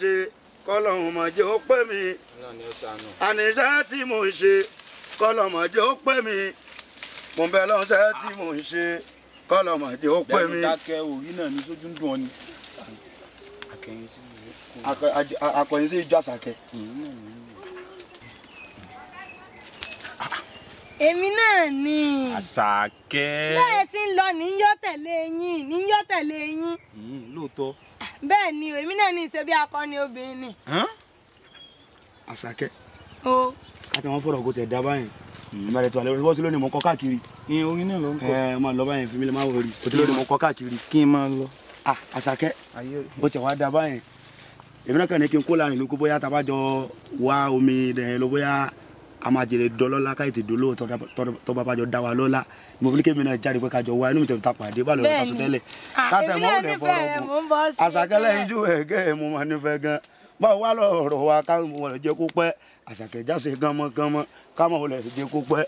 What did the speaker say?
ṣe kọ́lọ́hún mọ̀ jẹ́ ó pè mí àníṣe tí mo ṣe kọ́lọ́hún mọ̀ jẹ́ ó pè mí mo bẹ lọ́sẹ̀ tí mo ṣe kọ́lọ́hún mọ̀ ó pè mí. lẹ́nu dákẹ́ òrí náà ní sójú ń dùn ọ ni akọ̀yìn sí ìjọ àṣàkẹ́. èmi náà ni. àṣàkẹ́. bẹ́ẹ̀ tí ń lọ ní yọ́ tẹ̀lé yín ní yọ́ tẹ̀lé yín. lóòótọ́ bẹ́ẹ̀ ni èmi náà ní ìṣe bí akọni obìnrin ni. àṣàkẹ́. o. káàtì wọn fọ̀rọ̀ kó tẹ̀ dá báyìí ìbàdàn tó àlẹ́ wọ́n ti lónìí mọ̀ kọ́ káàkiri. ìyẹn orin náà ló ń kọ. ẹ máa lọ báyìí fúnmi lè má wọrí o ti lónìí mọ̀ kọ́ káàkiri. kí n máa lọ. Ah, àṣàkẹ́ o tẹ̀ wá dá báyìí èmi náà kàn ní kí n kó láàrin lóko bóyá tabajọ wá omi dẹ̀ lọ bóyá a máa jèrè dọlọ́lá káyìí ti dolówó tọ́ba bá jọ dá wa lọ́lá mo fi kémi náà jáde pé ká jọ wá inú mi tẹ̀ ta pàdé bá lóore taṣọ tẹ́lẹ̀ káàtẹ́ mọ́ òde fọlọ́ fún àṣàkẹ́lẹ́ ń ju ẹ̀gẹ́ mo máa nífẹ̀ẹ́ gan báwo wá lọ́rọ̀ wa káwọn jẹ́ kó pẹ́ àṣàkẹ́jáse gánmọ́gánmọ́ káwọn olè jẹ́ kó pẹ́.